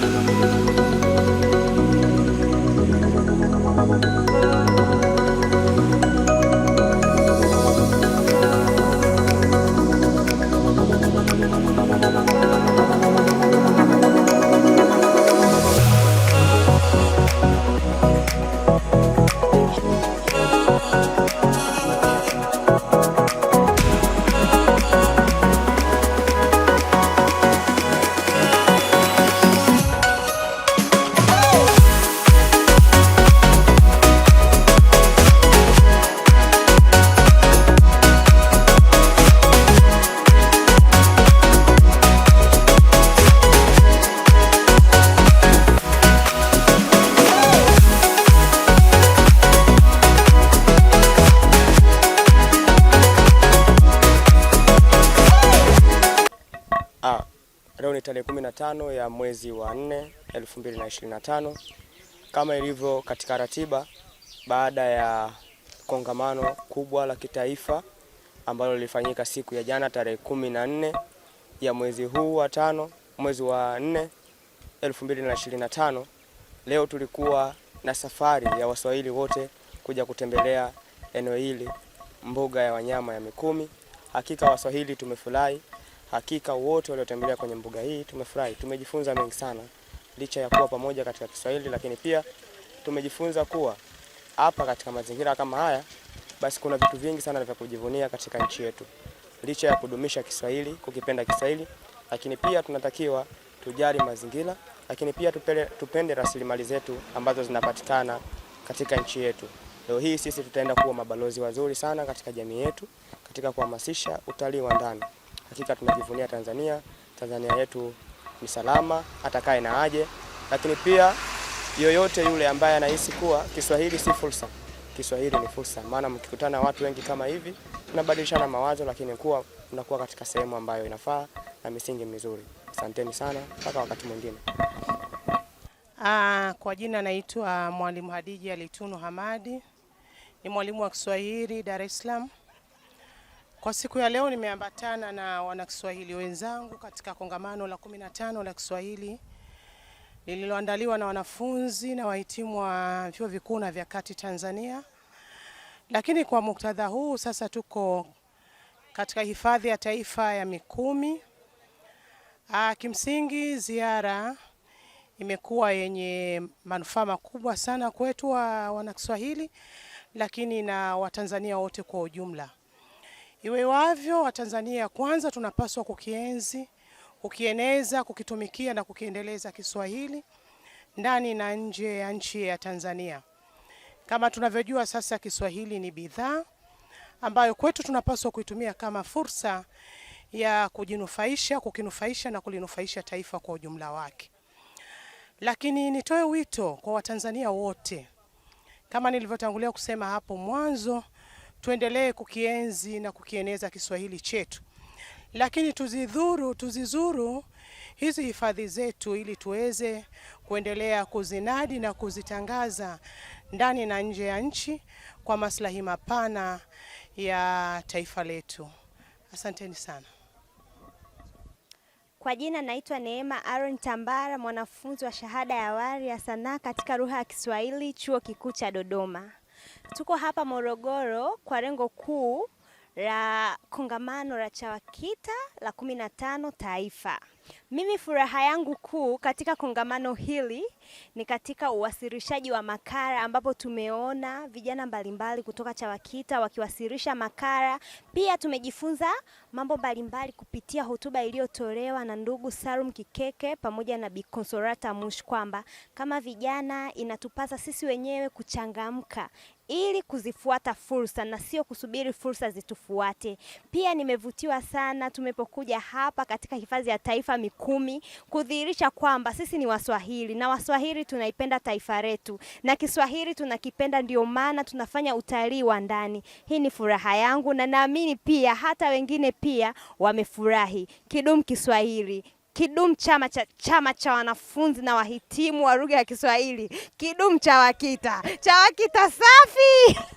Thank you. Leo ni tarehe 15 ya mwezi wa 4 2025. Kama ilivyo katika ratiba, baada ya kongamano kubwa la kitaifa ambalo lilifanyika siku ya jana tarehe 14 ya mwezi huu wa tano, mwezi wa 4 2025, leo tulikuwa na safari ya Waswahili wote kuja kutembelea eneo hili, mbuga ya wanyama ya Mikumi. Hakika Waswahili tumefurahi Hakika wote waliotembelea kwenye mbuga hii tumefurahi, tumejifunza mengi sana, licha ya kuwa pamoja katika Kiswahili, lakini pia tumejifunza kuwa hapa katika mazingira kama haya, basi kuna vitu vingi sana vya kujivunia katika nchi yetu, licha ya kudumisha Kiswahili, kukipenda Kiswahili, lakini pia tunatakiwa tujali mazingira, lakini pia tupele, tupende rasilimali zetu ambazo zinapatikana katika nchi yetu. Leo hii sisi tutaenda kuwa mabalozi wazuri sana katika jamii yetu katika kuhamasisha utalii wa ndani. Hakika tunajivunia Tanzania. Tanzania yetu ni salama, atakaye na aje. Lakini pia yoyote yule ambaye anahisi kuwa Kiswahili si fursa, Kiswahili ni fursa, maana mkikutana watu wengi kama hivi mnabadilishana mawazo, lakini kuwa mnakuwa katika sehemu ambayo inafaa na misingi mizuri. Asanteni sana, mpaka wakati mwingine. Ah, kwa jina naitwa Mwalimu Hadija Litunu Hamadi, ni mwalimu wa Kiswahili Dar es Salaam. Kwa siku ya leo nimeambatana na wanakiswahili wenzangu katika kongamano la 15 la Kiswahili lililoandaliwa na wanafunzi na wahitimu wa vyuo vikuu na vya kati Tanzania. Lakini kwa muktadha huu sasa tuko katika hifadhi ya taifa ya Mikumi. Aa, ah, kimsingi ziara imekuwa yenye manufaa makubwa sana kwetu wa wanakiswahili lakini na Watanzania wote kwa ujumla. Iwewavyo Watanzania, kwanza tunapaswa kukienzi, kukieneza, kukitumikia na kukiendeleza Kiswahili ndani na nje ya nchi ya Tanzania. Kama tunavyojua sasa, Kiswahili ni bidhaa ambayo kwetu tunapaswa kuitumia kama fursa ya kujinufaisha, kukinufaisha na kulinufaisha taifa kwa ujumla wake. Lakini nitoe wito kwa Watanzania wote, kama nilivyotangulia kusema hapo mwanzo, tuendelee kukienzi na kukieneza Kiswahili chetu, lakini tuzidhuru, tuzizuru hizi hifadhi zetu ili tuweze kuendelea kuzinadi na kuzitangaza ndani na nje ya nchi kwa maslahi mapana ya taifa letu. Asanteni sana. Kwa jina naitwa Neema Aaron Tambara, mwanafunzi wa shahada ya awali ya sanaa katika lugha ya Kiswahili, Chuo Kikuu cha Dodoma. Tuko hapa Morogoro kwa lengo kuu la kongamano la CHAWAKITA la kumi na tano taifa. Mimi furaha yangu kuu katika kongamano hili ni katika uwasilishaji wa makala ambapo tumeona vijana mbalimbali kutoka CHAWAKITA wakiwasilisha makala. Pia tumejifunza mambo mbalimbali kupitia hotuba iliyotolewa na ndugu Salum Kikeke pamoja na Bi Consolata Mush kwamba kama vijana inatupasa sisi wenyewe kuchangamka ili kuzifuata fursa na sio kusubiri fursa zitufuate. Pia nimevutiwa sana tumepokuja hapa katika hifadhi ya Taifa mataifa Mikumi kudhihirisha kwamba sisi ni Waswahili na Waswahili tunaipenda taifa letu na Kiswahili tunakipenda, ndio maana tunafanya utalii wa ndani. Hii ni furaha yangu na naamini pia hata wengine pia wamefurahi. Kidumu Kiswahili! Kidumu chama cha chama cha wanafunzi na wahitimu wa lugha ya Kiswahili! Kidumu CHAWAKITA! CHAWAKITA safi!